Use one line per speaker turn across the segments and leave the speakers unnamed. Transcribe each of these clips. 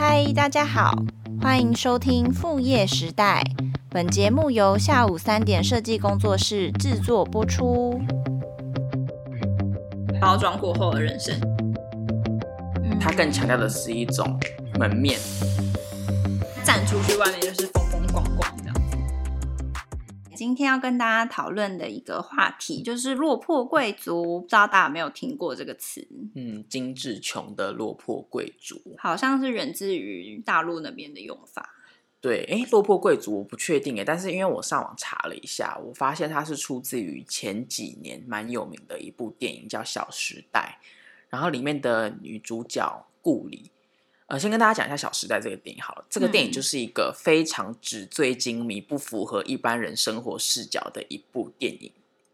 嗨，大家好，歡迎收聽《副業時代》。本節目由下午三點設計工作室制作播出。包裝過後的人生，
它、嗯、更強調的是一種門面。
站住。今天要跟大家討論的一個話題，就是落魄貴族，不知道大家有沒有聽過這個詞？嗯，精緻窮的落魄貴族，好像是源自於大陸那邊的用法。
對，哎、欸，落魄貴族我不確定哎，但是因為我上網查了一下，我發現它是出自於前幾年蠻有名的一部電影，叫《小時代》，然後裡面的女主角顧里。呃，先跟大家講一下《小時代》這個電影好了。這個電影就是一個非常紙醉金迷、嗯、不符合一般人生活視角的一部電影。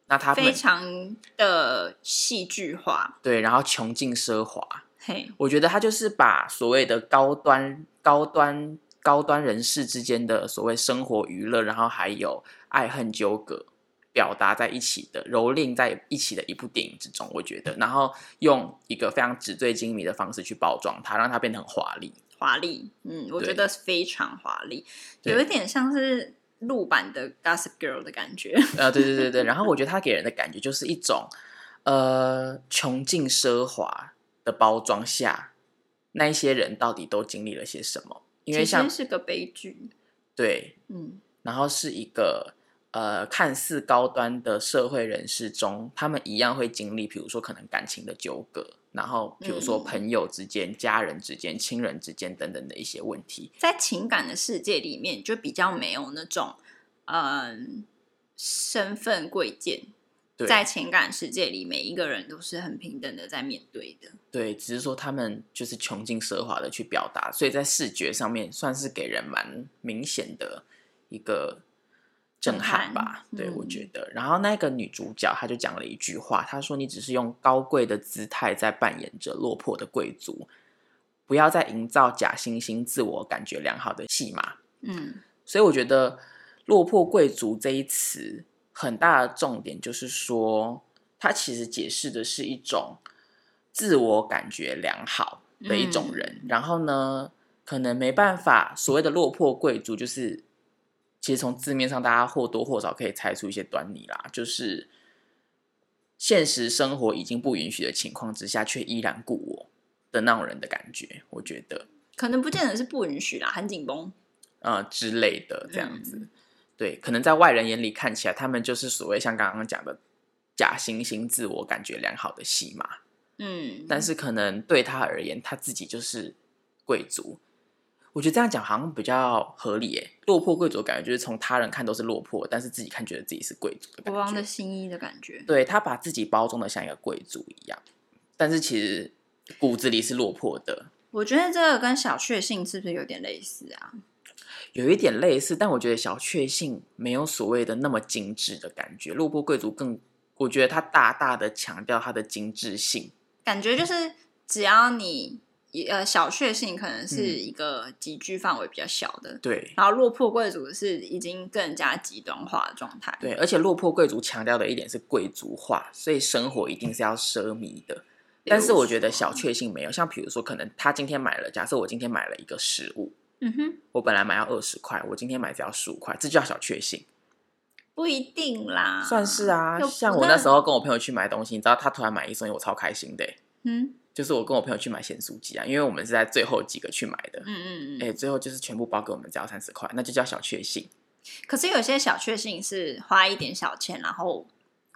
那它非
常的戲劇化，
對，然後窮盡奢華。嘿，我覺得它就是把所謂的高端、高端、高端人士之間的所謂生活娛樂，然後還有愛恨糾葛。表達在一起的，蹂躪在一起的一部電影之中，我覺得，然後用一個非常紙醉金迷的方式去包裝它，讓它變得很華麗，
華麗，嗯，我覺得非常華麗，有一點像是陸版的《Gossip Girl》的感覺。
啊，對對對對， 然後我覺得它給人的感覺就是一種，呃，窮尽奢華的包裝下，那一些人到底都經歷了些什麼？因為像是個悲劇，對，嗯，然後是一個。呃，看似高端的社會人士中，他們一樣會經歷，比如說可能感情的糾葛，然後比如說朋友之間、嗯、家人之間、親人之間等等的一些問題。
在情感的世界裡面，就比較沒有那種，嗯、呃，身份貴賤。
在情感
世界裡，每一個人都是很平等的在面對的。
對，只是說他們就是窮盡奢華的去表達，所以在視覺上面算是給人蠻明顯的一個。震撼吧，對、嗯、我覺得。然後那個女主角，她就講了一句話，她說：“你只是用高貴的姿態在扮演着落魄的貴族，不要再營造假惺惺、自我感覺良好的戲碼。”嗯，所以我覺得“落魄貴族”這一詞很大的重點就是說，它其實解釋的是一種自我感覺良好的一種人。嗯、然後呢，可能沒辦法，所謂的落魄貴族就是。其實從字面上，大家或多或少可以猜出一些端倪啦，就是現實生活已經不允許的情況之下，卻依然故我的那種人的感覺，我覺得
可能不見得是不允許啦，很緊繃
啊、呃、之類的這樣子、嗯。對，可能在外人眼裡看起來，他們就是所謂像剛剛講的假惺惺、自我感覺良好的戲碼。嗯，但是可能對他而言，他自己就是貴族。我覺得這樣講好像比較合理誒。落魄貴族感覺就是從他人看都是落魄，但是自己看覺得自己是貴族的感覺。
國王的新衣的感覺。
對，他把自己包裝得像一個貴族一樣，但是其實骨子裡是落魄的。
我覺得這個跟小確幸是不是有點類似啊？
有一點類似，但我覺得小確幸沒有所謂的那麼精緻的感覺。落魄貴族更，我覺得他大大的強調他的精緻性，
感覺就是只要你。呃，小確幸可能是一個集聚範圍比較小的，嗯，對。然後落魄貴族是已經更加極端化的狀態，對。而
且落魄貴族強調的一點是貴族化，所以生活一定是要奢靡的。
但是我覺
得小確幸沒有，比像比如說，可能他今天買了，假設我今天買了一個食物，嗯
哼，
我本來買要二十塊，我今天買只要十五塊，這就叫小確幸？
不一定啦，算是啊。像我那時
候跟我朋友去買東西，你知道他突然買一送一，我超開心的，欸，嗯。就是我跟我朋友去買鹹酥雞啊，因為我們是在最後幾個去買的。
嗯嗯嗯。哎、
欸，最後就是全部包給我們只要三十塊，那就叫小確幸。
可是有些小確幸是花一點小錢，然後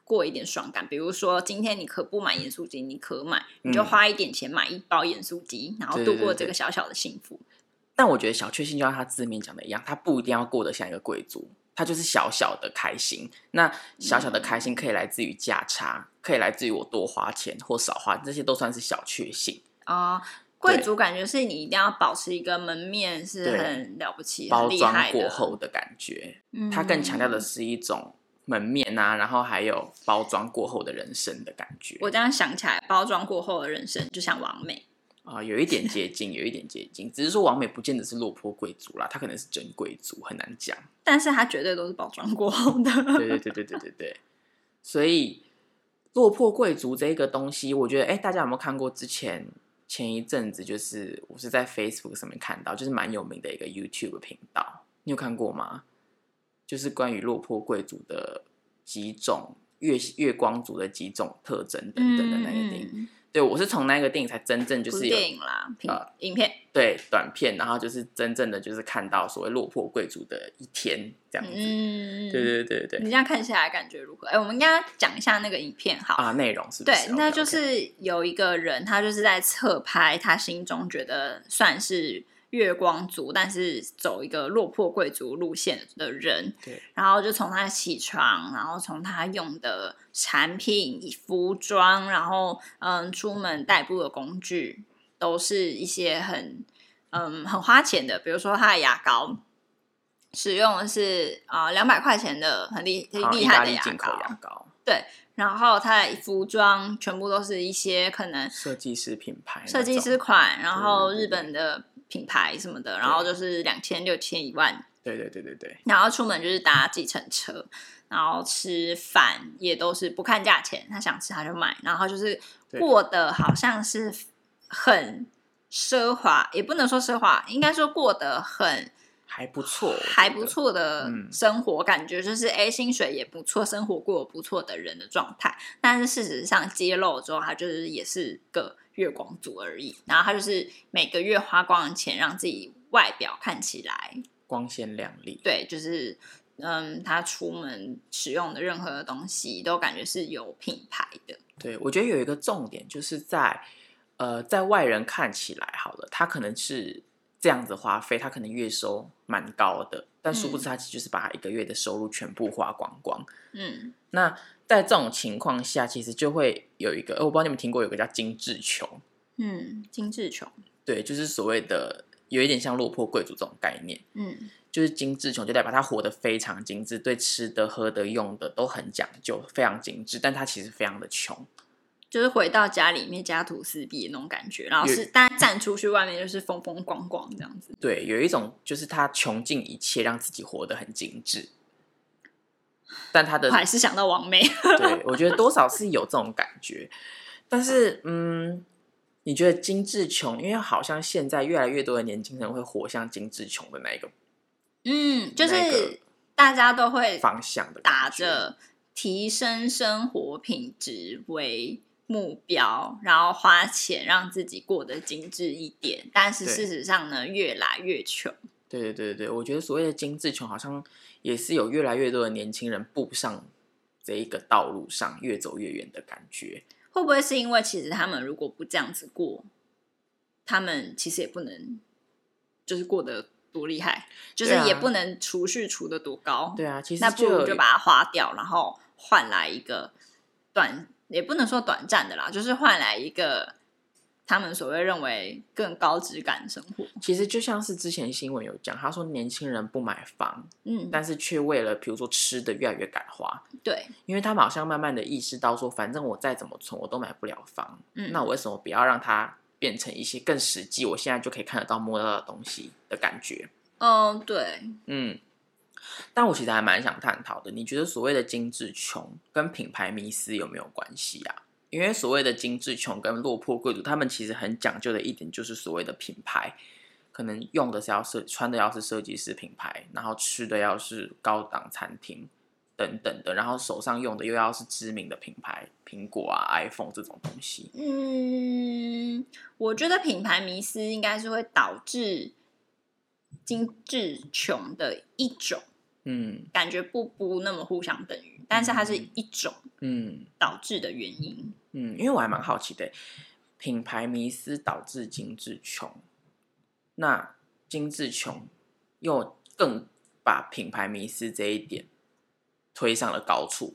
過一點爽感。比如說，今天你可不買鹹酥雞，你可買、嗯，你就花一點錢買一包鹹酥雞，然後度過這個小小的幸福。對對
對對，但我覺得小確幸就像他字面講的一樣，他不一定要過得像一個貴族。它就是小小的開心，那小小的開心可以來自於價差，嗯、可以來自於我多花錢或少花，這些都算是小確幸
啊、哦。貴族感覺是你一定要保持一個門面是很了不起的，包裝過後
的感覺。它更強調的是一種門面啊，然後還有包裝過後的人生的感覺。我
這樣想起來，包裝過後的人生就像完美。
啊、哦，有一點接近，有一點接近，只是說王美不見得是落魄貴族啦，他可能是真貴族，很難講。
但是他絕對都是包裝過後的。 對對
對對對，對，對，對。所以落魄貴族這一個東西，我覺得，哎，大家有沒有看過？之前前一陣子，就是我是在 Facebook 上面看到，就是蠻有名的一個 YouTube 頻道，你有看過嗎？就是關於落魄貴族的幾種月月光族的幾種特徵等等的那個。嗯對，我是從那個電影才真正就是有電影啦，呃，影片對短片，然後就是真正的就是看到所謂落魄貴族的一天這樣子。嗯，對對對對，你這
樣看起來感覺如何？哎，我們應該講一下那個影片好
啊，內容是不是。
對，那就是有一個人，他就是在側拍，他心中覺得算是。月光族，但是走一個落魄貴族路線的人，對，然後就從他起床，然後從他用的產品、服裝，然後嗯，出門代步的工具，都是一些很嗯很花錢的，比如說他的牙膏，使用的是啊兩百塊錢的很厲厲害的牙膏，進口牙膏，對，然後他的服裝全部都是一些可能
設計師品牌、設計
師款，然後日本的。品牌什麼的，然後就是兩千六千一萬，
對,對對對對對。
然後出門就是搭計程車，然後吃飯也都是不看價錢，他想吃他就買，然後就是過得好像是很奢華，也不能說奢華，應該說過得很。還不錯，還不錯的生活，嗯、感覺就是，a 薪水也不錯，生活過不錯的人的狀態。但是事實上揭露了之後，他就是也是個月光族而已。然後他就是每個月花光錢，讓自己外表看起來
光鮮亮麗。
對，就是嗯，他出門使用的任何東西都感覺是有品牌
的。對，我覺得有一個重點就是在呃，在外人看起來，好了，他可能是。這樣子花費，他可能月收蠻高的，但殊不知他其實就是把他一個月的收入全部花光光。嗯，那在這種情況下，其實就會有一個，欸，我不知道你們聽過有一個叫“精緻窮”。
嗯，精緻窮。
對，就是所謂的有一點像落魄貴族這種概念。嗯，就是精緻窮就代表他活得非常精緻，對吃的、喝的、用的都很講究，非常精緻，但他其實非常的窮。
就是回到家裡面家徒四壁那種感覺，然後是大家站出去外面就是風風光光這樣子。
對，有一種就是他窮盡一切讓自己活得很精緻，但他的我還是想
到王妹。對，
我覺得多少是有這種感覺。 但是，嗯，你覺得精緻窮？因為好像現在越來越多的年輕人會活像精緻窮的那一個。嗯，
就是大家都會方向的打着提升生活品質為。目標，然後花錢讓自己過得精致一點，但是事實上呢，越來越窮。
對對對對，我覺得所謂的精致窮，好像也是有越來越多的年輕人步上這一個道路上，越走越遠的感覺。
會不會是因為其實他們如果不這樣子過，他們其實也不能就是過得多厲害，對啊，就是也不能儲蓄儲得多高。
對啊，其實那不如就把
它花掉，然後換來一個斷也不能說短暫的啦，就是換來一個他們所謂認為更高質感的生活。
其實就像是之前新聞有講，他說年輕人不買房，嗯，但是卻為了譬如說吃的越來越敢花。
對，
因為他們好像慢慢的意識到說，反正我再怎麼存，我都買不了房，嗯，那我為什麼不要讓它變成一些更實際，我現在就可以看得到、摸到的東西的感覺？
哦，對，嗯。
但我其實還蠻想探討的，你覺得所謂的精緻窮跟品牌迷思有沒有關係啊？因為所謂的精緻窮跟落魄貴族，他們其實很講究的一點就是所謂的品牌，可能用的是要設，穿的要是設計師品牌，然後吃的要是高檔餐廳等等的，然後手上用的又要是知名的品牌，蘋果啊 iPhone 這種東西。嗯，
我覺得品牌迷思應該是會導致。精緻窮的一種，嗯，感覺不不那麼互相等於、嗯，但是它是一種，嗯，導致的原因，嗯，因為我還蠻好奇的，品牌
迷思導致精緻窮，那精緻窮又更把品牌迷思這一點推上了高處，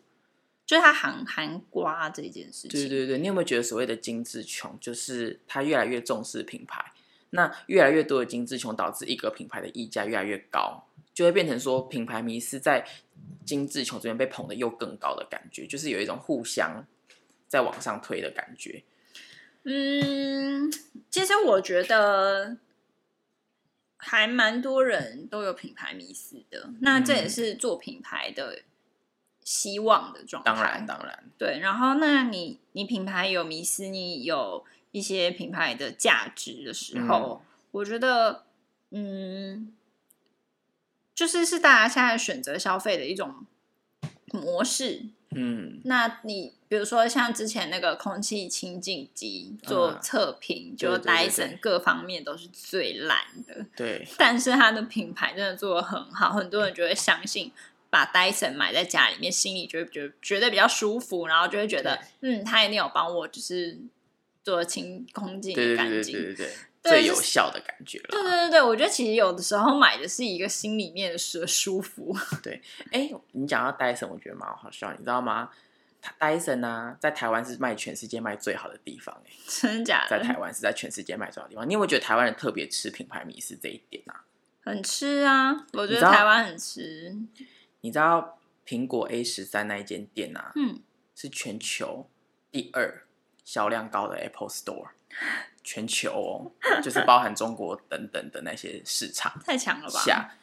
就是它含含瓜這件事情，
對對對，你有沒有覺得所謂的精緻窮，就是他越來越重視品牌？那越來越多的精緻窮，導致一個品牌的溢價越來越高，就會變成說品牌迷失在精緻窮這邊被捧得又更高的感覺，就是有一種互相在往上推的感覺。
嗯，其實我覺得還蠻多人都有品牌迷失的，那這也是做品牌的希望的狀、嗯。當然，當然，對。然後，那你你品牌有迷失，你有。一些品牌的價值的時候、嗯，我覺得，嗯，就是是大家現在選擇消費的一種模式。嗯，那你比如說像之前那個空氣清淨機做測評、啊，就是、Dyson 各方面都是最爛的，對、對、對、對，但是它的品牌真的做得很好，很多人就會相信，把 Dyson 買在家裡面，心裡就會覺得覺得比較舒服，然後就會覺得，嗯，它一定有幫我，就是。做清、空淨、乾淨、對對，對，
對，對，對，對最有效的感覺了。
對對對對，我覺得其實有的時候買的是一個心裡面的舒舒服。對，哎，
你講到戴森，我覺得蠻好笑，你知道嗎？戴森呢，在台灣是賣全世界賣最好的地方、欸，
哎，真的假的？在台
灣是在全世界賣最好的地方。你有沒有覺得台灣人特別吃品牌迷思這一點啊？
很吃啊，我覺得台灣很吃。你
知道，你知道蘋果 A 十三那一間店啊，嗯，是全球第二。銷量高的 Apple Store，全球哦， 就是包含中國等等的那些市場，太
強了
吧？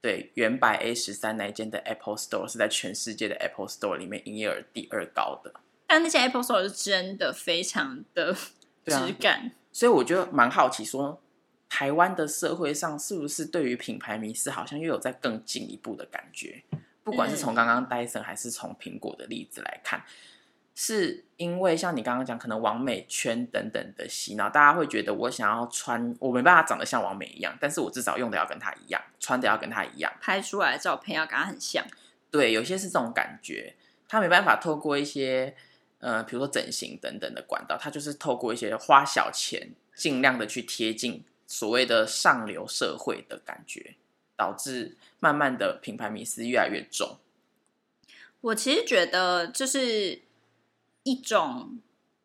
對，遠百 A 十三那間的 Apple Store 是在全世界的 Apple Store 裡面營業額第二高的。
但那些 Apple Store 是真的非常的質感。
啊，所以我覺得蠻好奇說，說台灣的社會上是不是對於品牌迷思好像又有在更進一步的感覺？不管是從剛剛戴森還是從蘋果的例子來看。嗯嗯是因為像你剛剛講，可能網美圈等等的洗腦，大家會覺得我想要穿，我沒辦法長得像網美一樣，但是我至少用的要跟他一樣，穿的要跟他一樣，拍出來的照片要跟他很像。對，有些是這種感覺，他沒辦法透過一些呃，比如說整形等等的管道，他就是透過一些花小錢，盡量的去貼近所謂的上流社會的感覺，導致慢慢的品牌迷思越來越重。
我其實覺得就是。一種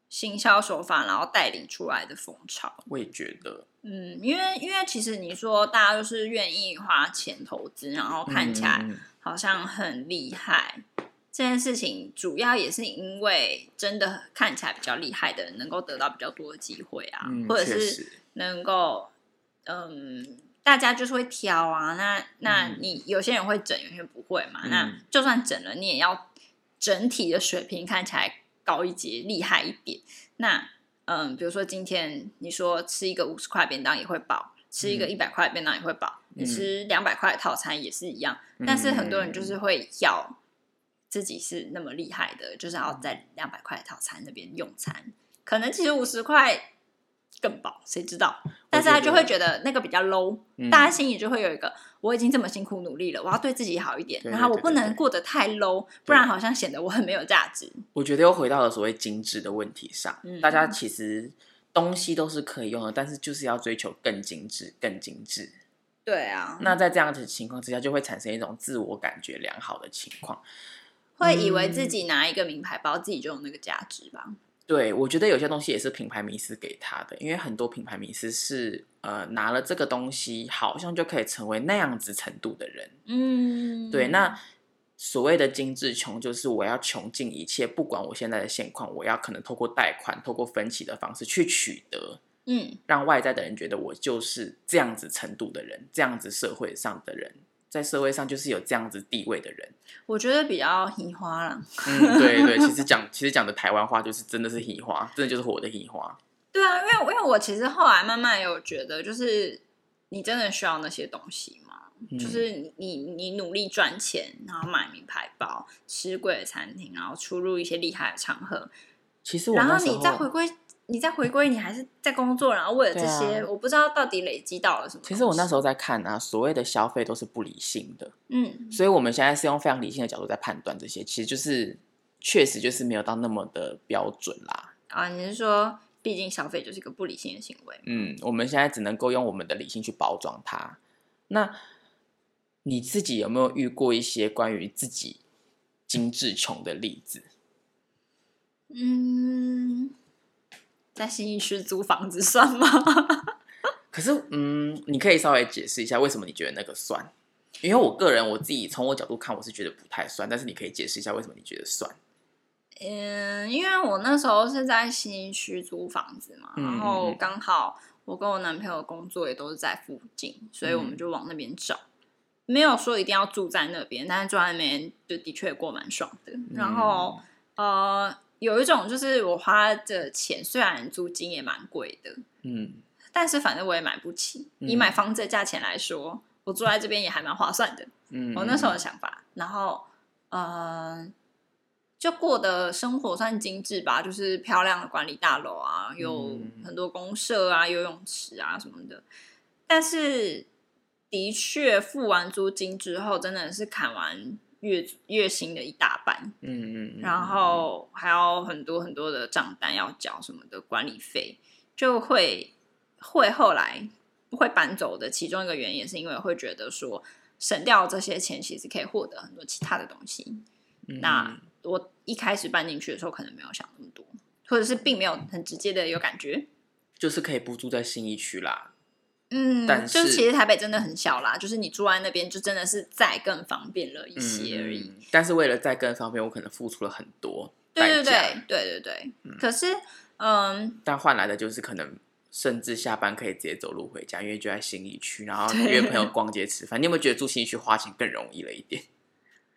行銷手法，然後帶領出來的風潮，
我也覺得，嗯，因
為因為其實你說大家都是願意花錢投資，然後看起來好像很厲害、嗯，這件事情主要也是因為真的看起來比較厲害的人能夠得到比較多的機會啊，嗯、或者是能夠，嗯，大家就是會挑啊，那那你有些人會整，有些人不會嘛、嗯，那就算整了，你也要整體的水平看起來高一截，厲害一點。那，嗯，比如說今天你說吃一個五十塊便當也會飽，吃一個一百塊便當也會飽，嗯，你吃兩百塊套餐也是一樣，嗯。但是很多人就是會要自己是那麼厲害的，就是要在兩百塊套餐那邊用餐。可能其實五十塊。更飽，誰知道？但是他就會覺得那個比較 low，大家心裡就會有一個、嗯，我已經這麼辛苦努力了，我要對自己好一點，對對對對，然後我不能過得太 low，對對對對，不然好像顯得我很沒有價值。
我覺得又回到了所謂精緻的問題上、嗯，大家其實東西都是可以用的，但是就是要追求更精緻，更精緻。
對啊，那
在這樣的情況之下，就會產生一種自我感覺良好的情況，
會以為自己拿一個名牌包，嗯、自己就有那個價值吧。
對，我覺得有些東西也是品牌迷思給他的，因為很多品牌迷思是，呃，拿了這個東西，好像就可以成為那樣子程度的人。嗯，對，那所謂的精致窮，就是我要窮盡一切，不管我現在的現況，我要可能透過貸款、透過分期的方式去取得，嗯，讓外在的人覺得我就是這樣子程度的人，這樣子社會上的人。在社會上就是有這樣子地位的人，
我覺得比較虛華了。嗯，對對，其
實講其實講的台灣話就是真的是虛華，真的就是火的虛華。
對啊，因為因為我其實後來慢慢有覺得，就是你真的需要那些東西嗎？嗯，就是你你努力賺錢，然後買名牌包、吃貴的餐廳，然後出入一些厲害的場合。其實我，然後你再回歸。你在回歸，你還是在工作，然後為了這些，啊、我不知道到底累積到了什麼。其實我那時
候在看啊，所謂的消費都是不理性的。嗯，所以我們現在是用非常理性的角度在判斷這些，其實就是確實就是沒有到那麼的標準啦。
啊，你是說，畢竟消費就是一個不理性的行為。
嗯，我們現在只能夠用我們的理性去包裝它。那你自己有沒有遇過一些關於自己精致窮的例子？
嗯。在信義區租房子算嗎？
可是，嗯，你可以稍微解釋一下為什麼你覺得那個算？因為我個人我自己從我角度看，我是覺得不太算。但是你可以解釋一下為什麼你覺得算？
嗯，因為我那時候是在信義區租房子嘛，嗯、然後剛好我跟我男朋友的工作也都是在附近，所以我們就往那邊找，嗯，沒有說一定要住在那邊，但是住在那邊就的確過蠻爽的，嗯。然後，呃。有一種就是我花的錢，雖然租金也蠻貴的，嗯，但是反正我也買不起。嗯、以買房子的價錢來說，我住在這邊也還蠻划算的。嗯，我那時候的想法，然後嗯、呃，就過的生活算精緻吧，就是漂亮的管理大樓啊，有很多公設啊、嗯、游泳池啊什麼的。但是的確付完租金之後，真的是砍完。月月薪的一大半，嗯嗯，然後還有很多很多的賬單要繳什麼的管理費，就會會後來會搬走的。其中一個原因也是因為會覺得說，省掉這些錢其實可以獲得很多其他的東西。嗯、那我一開始搬進去的時候，可能沒有想那麼多，或者是並沒有很直接的有感覺，
就是可以不住在信義區啦。
嗯，但是就其實台北真的很小啦，就是你住在那邊，就真的是再更方便了一些
而已。嗯、但是為了再更方便，我可能付出了很多
代價。對對對，對對對。嗯、可是，嗯，
但換來的就是可能甚至下班可以直接走路回家，因為就在信義區，然後約朋友逛街吃飯。你有沒有覺得住信義區花錢更容易了一點？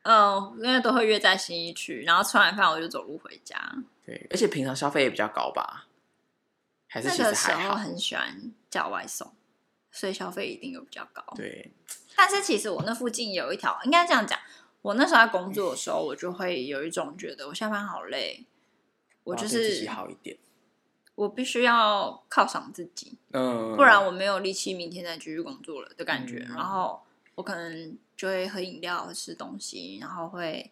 嗯，
因為都會約在信義區，然後吃完飯我就走路回家。
對，而且平常消費也比較高吧？還是其實還好。那個、很
喜歡叫外送。所以消費一定又比較高。對，但是其實我那附近有一條，應該這樣講，我那時候在工作的時候，我就會有一種覺得我下班好累，
我就是自己好一
點，我必須要犒賞自己，嗯，
不然我
沒有力氣明天再繼續工作了的感覺，嗯。然後我可能就會喝飲料、吃東西，然後會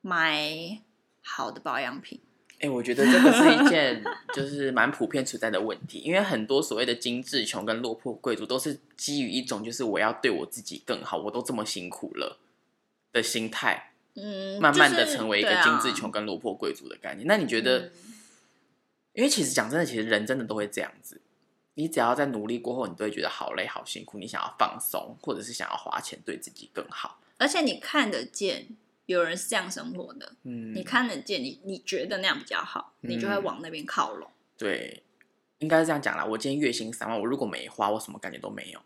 買好的保養品。
哎、欸，我覺得這個是一件就是蠻普遍存在的問題， 因為很多所謂的精緻窮跟落魄貴族都是基於一種就是我要對我自己更好，我都這麼辛苦了的心態，嗯、就是，慢慢的成為一個精緻窮跟落魄貴族的概念、啊。那你覺得？嗯、因為其實講真的，其實人真的都會這樣子。你只要在努力過後，你都會覺得好累、好辛苦，你想要放鬆，或者是想要花錢對自己更好，
而且你看得見。有人是這樣生活的，嗯，你看得見你，你你覺得那樣比較好，嗯，你就會往那邊靠攏。
對，應該是這樣講啦。我今天月薪三萬，我如果沒花，我什麼感覺都沒有，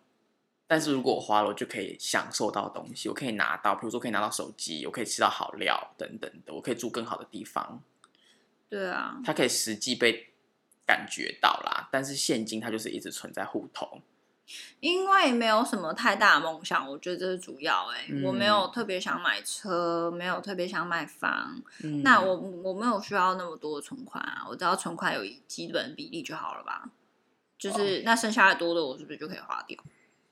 但是如果我花了，我就可以享受到東西，我可以拿到，譬如說可以拿到手機，我可以吃到好料等等的，我可以住更好的地方。
對啊，它
可以實際被感覺到啦，但是現金它就是一直存在戶頭。
因為沒有什麼太大的夢想，我覺得這是主要、欸。哎、嗯，我沒有特別想買車，沒有特別想買房。嗯、那我我沒有需要那麼多存款啊，我只要存款有基本比例就好了吧。就是、哦、那剩下的多的，我是不是就可以花掉？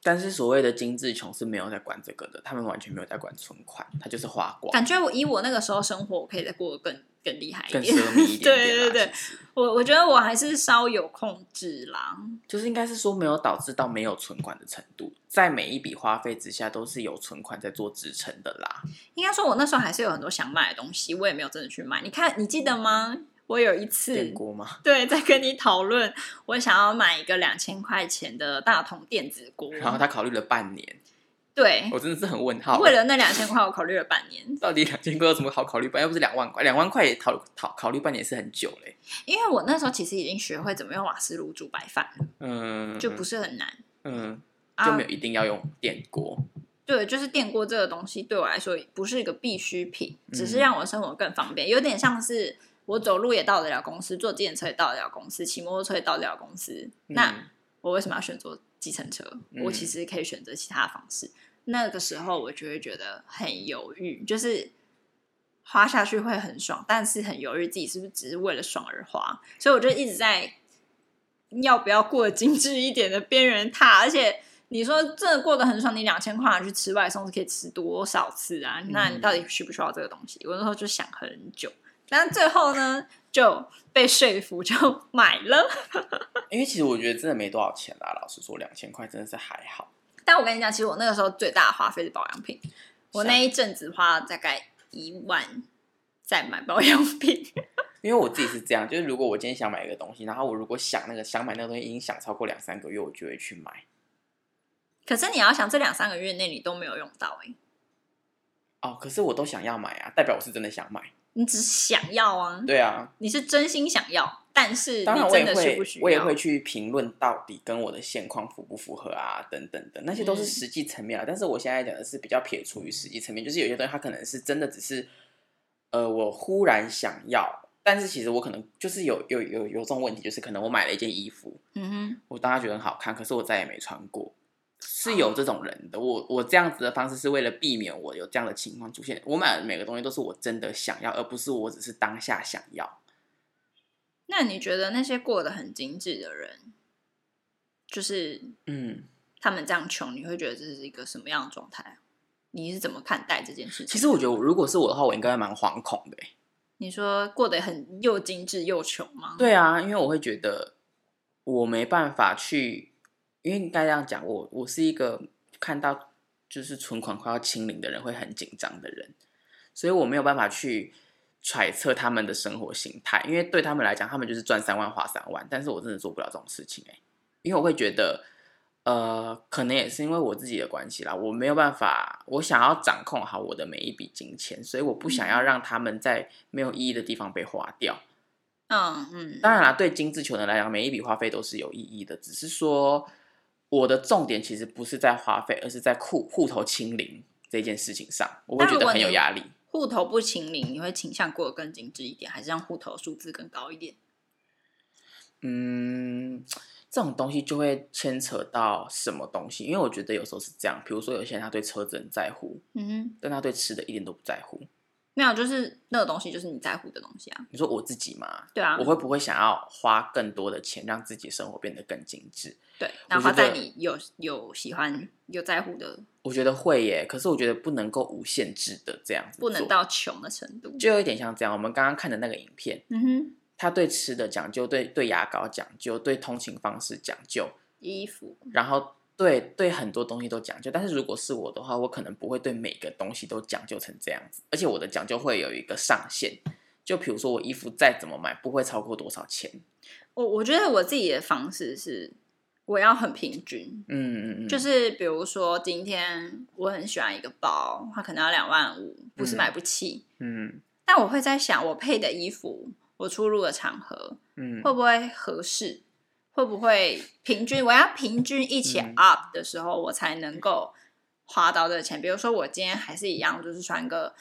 但是所謂的精致窮是沒有在管這個的，他們完全沒有在管存款，他就是花光。感
覺我以我那個時候生活，我可以再過得更。更厲害一點，更一點點 對對對，我我覺得我還是稍有控制啦。就
是應該是說沒有導致到沒有存款的程度，在每一筆花費之下都是有存款在做支撐的啦。
應該說，我那時候還是有很多想買的東西，我也沒有真的去買。你看，你記得嗎？我有一次，電鍋嗎？對，在跟你討論，我想要買一個兩千塊錢的大同電子鍋，然後他
考慮了半年。對，我真的是很問號。為了
那兩千塊，我考慮了半年。 到
底兩千塊有什麼好考慮半年？要不是兩萬塊，兩萬塊也考慮半年是很久嘞。
因為我那時候其實已經學會怎麼用瓦斯爐煮白飯嗯，
就不是
很難，嗯，就沒有
一定要用電鍋、
啊。對，就是電鍋這個東西對我來說不是一個必需品，只是讓我生活更方便、嗯。有點像是我走路也到得了公司，坐計程車也到得了公司，騎摩托車也到得了公司。嗯、那我為什麼要選擇計程車？我其實可以選擇其他方式，嗯。那個時候我就會覺得很猶豫，就是花下去會很爽，但是很猶豫自己是不是只是為了爽而花。所以我就一直在要不要過得精致一點的邊緣踏。而且你說真的過得很爽，你兩千塊去吃外送是可以吃多少次啊，嗯？那你到底需不需要這個東西？我那時候就想很久，但最後呢？ 就被說服就買了，因為其實我
覺得真的沒多少錢啦、啊。老實說，兩千塊真的是還好。
但我跟你講，其實我那個時候最大的花費是保養品。我那一陣子花了大概一萬在買保養品。
因為我自己是這樣，就是如果我今天想買一個東西，然後我如果想那個想買那個東西，已經想超過兩三個月，我就會去買。
可是你要想，這兩三個月內你都沒有用到哎、
欸。哦，可是我都想要買啊，代表我是真的想買。
你只是想要啊，對啊，你是真心想要，但是，是當然我也會，我也會
去評論到底跟我的現況符不符合啊，等等等。那些都是實際層面，嗯。但是我現在講的是比較撇出於實際層面，就是有些東西它可能是真的只是，呃，我忽然想要，但是其實我可能就是有有有有這種問題，就是可能我買了一件衣服，嗯，我當然覺得很好看，可是我再也沒穿過。是有這種人的，我我這樣子的方式是為了避免我有這樣的情況出現。我買的每個東西都是我真的想要，而不是我只是當下想要。
那你覺得那些過得很精緻的人，就是嗯，他們這樣窮，你會覺得這是一個什麼樣的狀態？你是怎麼看待這件事情？其
實我覺得，如果是我的話，我應該蠻惶恐的欸。
你說過得很又精緻又窮嗎？對
啊，因為我會覺得我沒辦法去。因為該這樣講，我我是一個看到就是存款快要清零的人，會很緊張的人，所以我沒有辦法去揣測他們的生活心態，因為對他們來講，他們就是賺三萬花三萬，但是我真的做不了這種事情。欸、因為我會覺得，呃，可能也是因為我自己的關係啦，我沒有辦法，我想要掌控好我的每一筆金錢，所以我不想要讓他們在沒有意義的地方被花掉。嗯
嗯，
當然啦，對精緻窮人來講，每一筆花費都是有意義的，只是說。我的重點其實不是在花費，而是在戶，戶頭清零這件事情上，我會覺得很有壓力。
戶頭不清零，你會傾向過得更精致一點，還是讓戶頭數字更高一點？嗯，
這種東西就會牽扯到什麼東西，因為我覺得有時候是這樣，比如說有些人他對車子很在乎，
嗯，
但他對吃的一點都不在乎。
沒有，就是那個東西，就是你在乎的東西啊。你
說我自己嘛，對啊，我會不會想要花更多的錢，讓自己生活變得更精緻？
對，然後在你有有喜歡、嗯、有在乎的，
我覺得會耶。可是我覺得不能夠無限制的這樣子，不能到
窮的程度。就
有一點像這樣，我們剛剛看的那個影片，嗯哼，他對吃的講究，對對牙膏講究，對通勤方式講究，
衣服，然
後。對對，對很多東西都講究，但是如果是我的話，我可能不會對每個東西都講究成這樣子，而且我的講究會有一個上限。就比如說，我衣服再怎麼買，不會超過多少錢。
我我覺得我自己的方式是，我要很平均。嗯嗯嗯，就是比如說，今天我很喜歡一個包，它可能要兩萬五，不是買不起。嗯，但我會在想，我配的衣服，我出入的場合，嗯，會不會合適？會不會平均？我要平均一起 up 的時候，嗯、我才能夠花到的錢。比如說，我今天還是一樣，就是穿個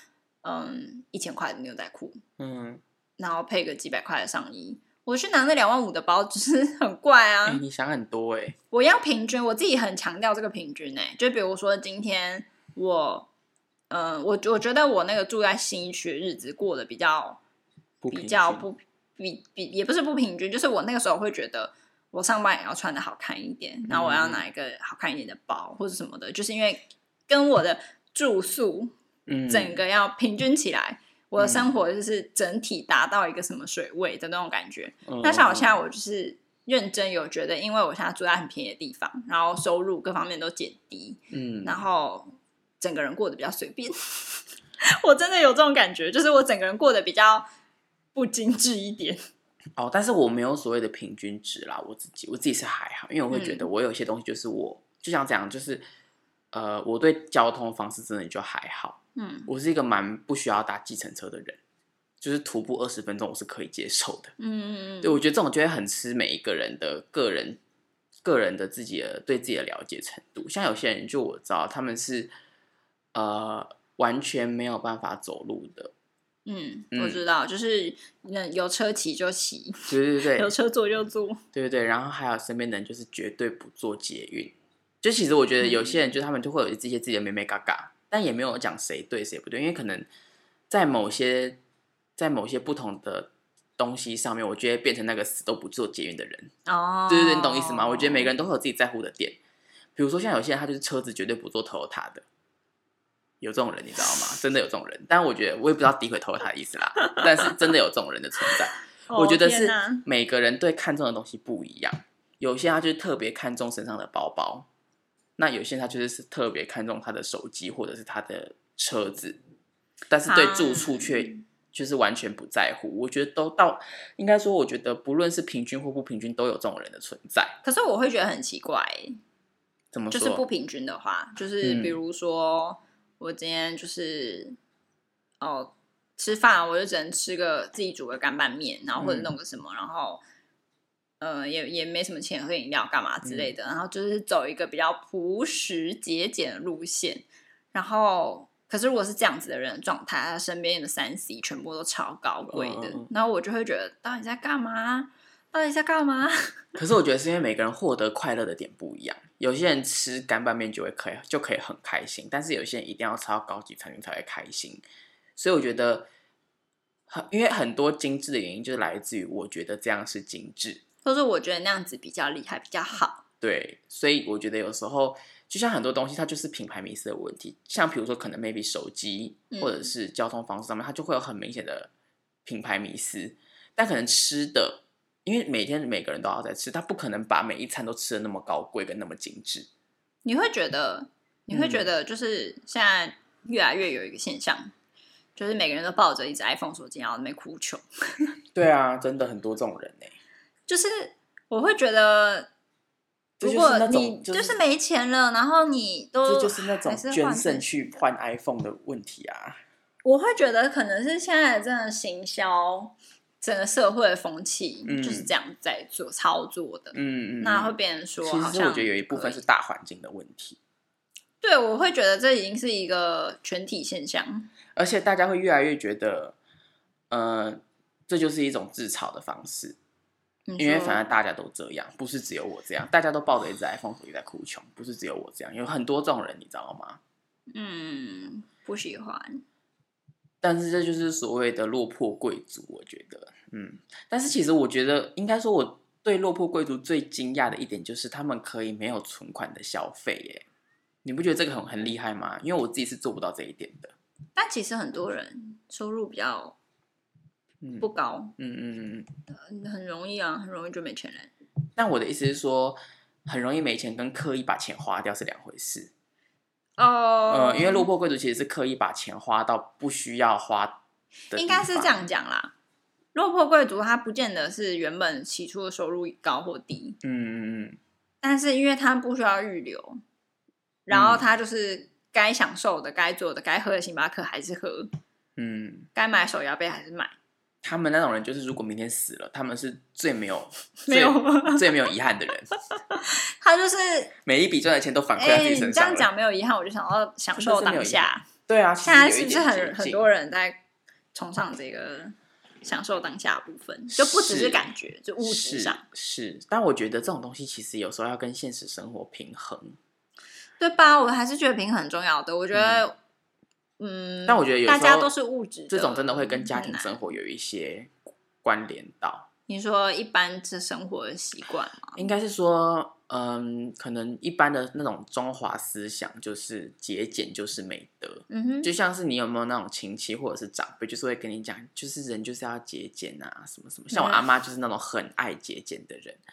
嗯一千塊的牛仔褲，嗯，然後配個幾百塊的上衣，我去拿那兩萬五的包，只、就是很怪啊。
欸、你想很多哎，
欸，我要平均，我自己很強調這個平均呢、欸，就比如說今天我，嗯，我我覺得我那個住在新一區的日子過得比較比較不比比也不是不平均，就是我那個時候會覺得。我上班也要穿得好看一點，然後我要拿一個好看一點的包、嗯、或者什麼的，就是因為跟我的住宿，嗯，
整個
要平均起來、嗯，我的生活就是整體達到一個什麼水位的那種感覺。那、嗯、像我現在，我就是認真有覺得，因為我現在住在很便宜的地方，然後收入各方面都減低，嗯，然後整個人過得比較隨便。 我真的有這種感覺，就是我整個人過得比較不精致一點。
哦，但是我沒有所謂的平均值啦，我自己，我自己是還好，因為我會覺得我有些東西就是我，嗯、就想講就是，呃，我對交通方式真的就還好，嗯，我是一個蠻不需要搭計程車的人，就是徒步二十分鐘我是可以接受的，嗯嗯嗯，對我覺得這種就會很吃每一個人的個人個人的自己的對自己的了解程度，像有些人就我知道他們是，呃，完全沒有辦法走路的。
嗯，我知道，嗯、就是那有車騎就騎，
對對對， 有
車坐就坐，
對對對。然後還有身邊的人，就是絕對不坐捷運。就其實我覺得有些人，就他們就會有這些自己的美美嘎嘎，但也沒有講誰對誰不對，因為可能在某些在某些不同的東西上面，我覺得變成那個死都不坐捷運的人
哦，對對對，你懂意
思嗎？我覺得每個人都會有自己在乎的點，比如說像有些人，他就是車子絕對不坐 Toyota 的。有這種人，你知道嗎？真的有這種人，但我覺得我也不知道詆毀偷他的意思啦。但是真的有這種人的存在， 哦、我覺得是每個人對看重的東西不一樣。有些他就是特別看重身上的包包，那有些他就是是特別看重他的手機或者是他的車子，但是對住處卻就是完全不在乎。啊、我覺得都到應該說，我覺得不論是平均或不平均，都有這種人的存在。
可是我會覺得很奇怪，怎麼說就是不平均的話，就是比如說。嗯我今天就是，哦，吃飯我就只能吃個自己煮個乾拌麵，然後或者弄個什麼，嗯、然後，呃，也也沒什麼錢喝飲料幹嘛之類的、嗯，然後就是走一個比較樸實節儉的路線。然後，可是如果是這樣子的人的狀態，他身邊的三 C 全部都超高貴的、哦，然後我就會覺得，到底在幹嘛？到底在幹嘛？
可是我覺得，是因為每個人獲得快樂的點不一樣。有些人吃乾拌麵就會可以就可以很開心，但是有些人一定要吃到高級餐廳才會開心。所以我覺得，很因為很多精緻的原因，就是來自於我覺得這樣是精緻，
或者我覺得那樣子比較厲害比較好。
對，所以我覺得有時候就像很多東西，它就是品牌迷思的問題。像比如說，可能 maybe 手機或者是交通方式上面，它就會有很明顯的品牌迷思，但可能吃的。因為每天每個人都要在吃，他不可能把每一餐都吃得那麼高貴跟那麼精緻。
你會覺得，你會覺得，就是現在越來越有一個現象，嗯、就是每個人都抱着一隻 iPhone 手機在那哭窮。
對啊，真的很多這種人呢、欸。
就是我會覺得，如果就就你就是沒錢了，然後你都就，就是那種捐腎
去換 iPhone 的問題啊。
我會覺得可能是現在真的這行銷。整個社會的風氣就是這樣在做操作的，
嗯，那會變成說。其實我覺得有一部分是大環境的問題。
對，我會覺得這已經是一個全體現象。
而且大家會越來越覺得，呃，這就是一種自嘲的方式，
因為反正
大家都這樣，不是只有我這樣，大家都抱着一隻 iPhone 也在哭窮，不是只有我這樣，有很多這種人，你知道嗎？嗯，
不喜歡。
但是這就是所謂的落魄貴族，我覺得。嗯，但是其實我覺得，應該說我對落魄貴族最驚訝的一點就是，他們可以沒有存款的消費耶！你不覺得這個很很厲害嗎？因為我自己是做不到這一點的。
但其實很多人收入比較不高，嗯，嗯嗯嗯，很容易啊，很容易就沒錢。人
但我的意思是說，很容易沒錢跟刻意把錢花掉是兩回事
哦。Uh，呃，因為落魄
貴族其實是刻意把錢花到不需要花的，應該
是這樣講啦。落魄貴族，他不見得是原本起初的收入高或低，嗯，但是因為他不需要預留，然後他就是該享受的、該、嗯、做的、該喝的星巴克還是喝，
嗯，
該買手搖杯還是買。他
們那種人就是，如果明天死了，他們是最沒有、沒有最、 最沒有遺憾的人。
他就是
每一筆賺的錢都反饋在自己身上。這樣講
沒有遺憾，我就想要享受當下是是。
對啊，其實，現在是不是很很
多人在崇尚這個？啊享受當下部分，就不只是感覺，就物質
上是，是。但我覺得這種東西其實有時候要跟現實生活平衡，
對吧？我還是覺得平衡很重要的。我覺得，嗯，嗯，但我覺得大家都是物質，這種真
的會跟家庭生活有一些關聯到。嗯
你說一般是生活的習慣
嗎？應該是說，嗯，可能一般的那種中華思想就是節儉就是美德。嗯哼，就像是你有沒有那種親戚或者是長輩，就是會跟你講，就是人就是要節儉啊，什麼什麼。像我阿媽就是那種很愛節儉的人，嗯、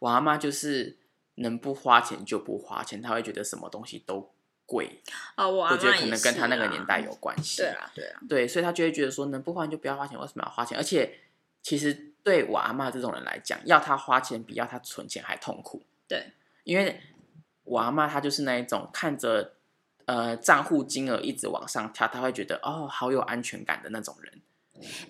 我阿媽就是能不花錢就不花錢，她會覺得什麼東西都貴。
哦、啊，我覺得可能跟她那
個年代有關係啊，對啊，對啊，對，所以她就會覺得說，能不花錢就不要花錢，為什麼要花錢？而且其實。對我阿媽這種人來講，要他花錢比要他存錢還痛苦。對，因為我阿媽她就是那種看着呃賬戶金額一直往上跳，他會覺得哦，好有安全感的那種人。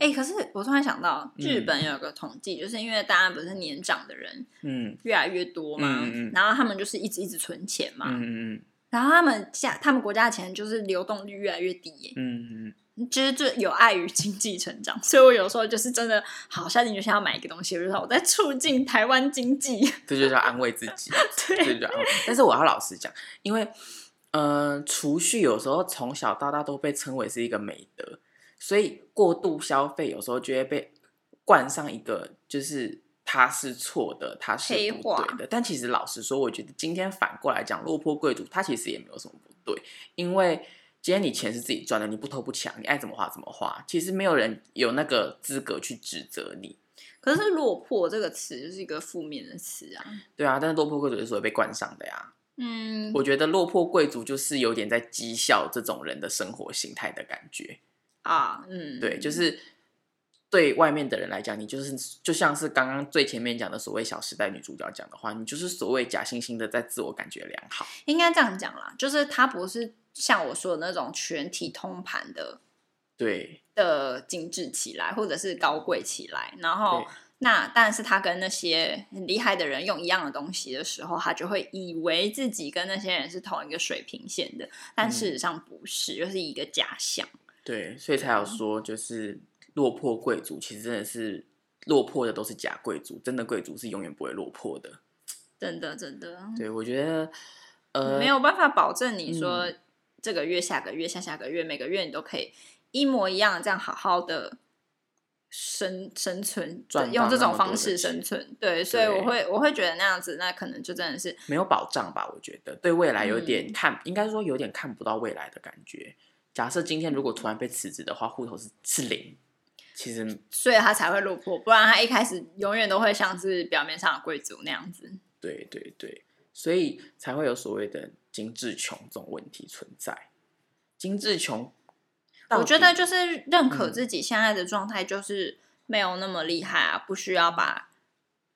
哎、欸，可是我突然想到，日本有個統計，嗯，就是因為大家不是年長的人，嗯，越來越多嘛，嗯嗯嗯，然後他們就是一直一直存錢嘛，嗯，嗯，嗯，然後他們下他們國家的錢就是流動率越來越低，嗯，嗯。其實就有礙於經濟成長，所以我有時候就是真的好下定決心要買一個東西，比如說我在促進台灣經濟，
這就叫安慰自己。 對，這就叫安慰，但是我要老實講，因為嗯，儲、呃、蓄有時候從小到大都被稱為是一個美德，所以過度消費有時候就會被冠上一個就是他是錯的，他是不對的。但其實老實說，我覺得今天反過來講，落魄貴族他其實也沒有什麼不對，因為，今天你錢是自己賺的，你不偷不搶，你愛怎麼花怎麼花。其實沒有人有那個資格去指責你。
可是“落魄”這個詞就是一個負面的詞啊。
對啊，但是落魄貴族就是所謂被冠上的呀、啊。嗯，我覺得落魄貴族就是有點在譏笑這種人的生活心態的感覺
啊。嗯，對，就是
對外面的人來講，你就是就像是剛剛最前面講的所謂《小時代》女主角講的話，你就是所謂假惺惺的在自我感覺良好。
應該這樣講啦，就是他不是。像我說的那種全體通盤的，對的精緻起來，或者是高貴起來。然後那，但是他跟那些很厲害的人用一樣的東西的時候，他就會以為自己跟那些人是同一個水平線的，但事實上不是，嗯、就是一個假象。
對，所以才有說，就是落魄貴族其實真的是落魄的都是假貴族，真的貴族是永遠不會落魄的。
真的，真的。對，
我覺得呃、嗯，沒有
辦法保證你說、嗯。這個月、下個月、下下個月，每個月你都可以一模一樣這樣好好的生生存，轉用這種方式生存。對,對，所以我會我會覺得那樣子，那可能就真的是
沒有保障吧。我覺得對未來有點看、嗯，應該說有點看不到未來的感覺。假設今天如果突然被辭職的話，戶頭是是零，其實
所以他才會落魄，不然他一開始永遠都會像是表面上的貴族那樣子。
對對對，所以才會有所謂的。精緻窮這種問題存在，精緻窮，
我覺得就是認可自己現在的狀態，就是沒有那麼厲害啊、嗯，不需要把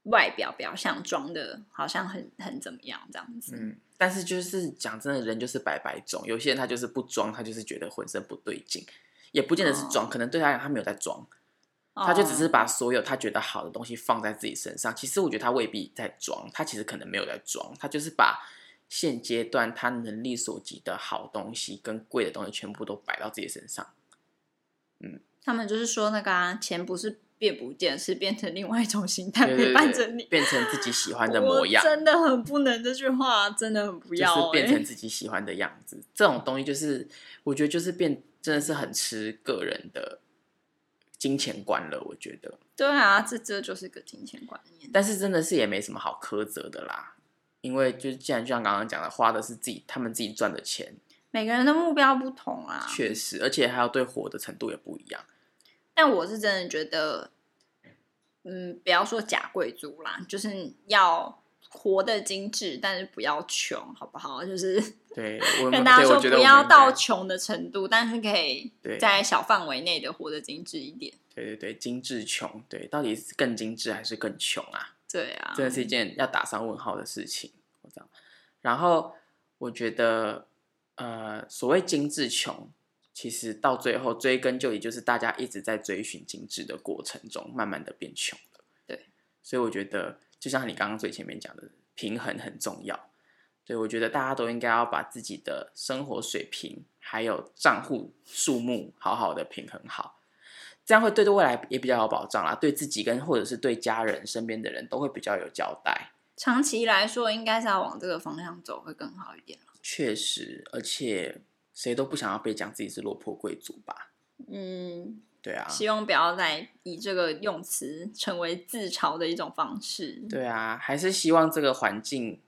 外表表象裝得好像很很怎麼樣這樣子。嗯，
但是就是講真的，人就是百百種，有些人他就是不裝，他就是覺得渾身不對勁，也不見得是裝，oh. 可能對他來講他沒有在裝
，oh. 他就只是把
所有他覺得好的東西放在自己身上。其實我覺得他未必在裝，他其實可能沒有在裝，他就是把。現階段他能力所及的好東西跟貴的東西，全部都擺到自己身上。嗯，
他們就是說那個錢不是變不見，是變成另外一種形態陪伴着你，變
成自己喜歡的模樣。真
的很不能這句話，真的很不要臉。變成自
己喜歡的樣子，這種東西就是我覺得就是變，真的是很吃個人的金錢觀了。我覺得，
對啊，這這就是個金錢觀念。但
是真的是也沒什麼好苛責的啦。因為就是，既然就像剛剛講的，花的是自己他們自己賺的錢，
每個人的目標不同啊。
確實，而且還有對活的程度也不一樣。
但我是真的覺得，嗯，不要說假貴族啦，就是要活得精致，但是不要窮，好不好？就是
對，我 跟大家說不要到
窮的程度，但是可以在小範圍內的活得精致一點。
對對對，精致窮，對，到底是更精致還是更窮啊？對啊，這是一件要打上問號的事情。這樣，然後我覺得，呃，所謂精致窮，其實到最後追根究底，就是大家一直在追尋精致的過程中，慢慢的變窮了。對，所以我覺得，就像你剛剛最前面講的，平衡很重要。對，我覺得大家都應該要把自己的生活水平，還有賬戶數目，好好的平衡好。這樣會對、對未來也比較有保障啦，對自己跟或者是對家人身邊的人都會比較有交代。
長期來說，應該是要往這個方向走，會更好一點啊。
確實，而且誰都不想要被講自己是落魄貴族吧？
嗯，
對啊，希望
不要再以這個用詞成為自嘲的一種方式。對
啊，還是希望這個環境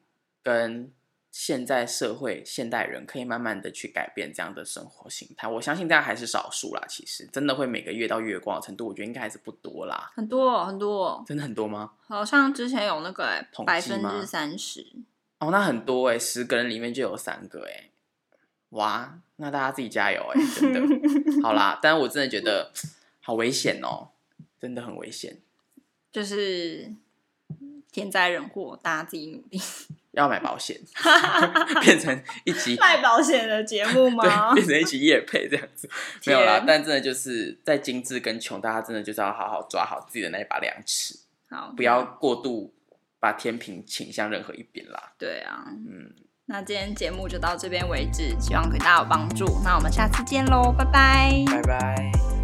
跟。現在社會，現代人可以慢慢的去改變這樣的生活形態。我相信大家還是少數啦，其實真的會每個月到月光的程度，我覺得應該還是不多啦。
很多很多，真
的很多嗎？
好像之前有那個百分之三十
哦，那很多哎、欸，十個人裡面就有三個哎、欸，哇，那大家自己加油哎、欸，真的 好啦。但是我真的覺得好危險哦、喔，真的很危險，
就是天災人禍，大家自己努力。
要買保險 一， 變成一起賣
保險的節目嗎？變
成一起業配這樣子，沒有啦。但真的就是在精致跟窮，大家真的就是要好好抓好自己的那一把量尺，
好，不要
過度把天平傾向任何一邊啦。
對啊，嗯，那今天節目就到這邊為止，希望可以大家有幫助。那我們下次見嘍，拜拜，拜拜。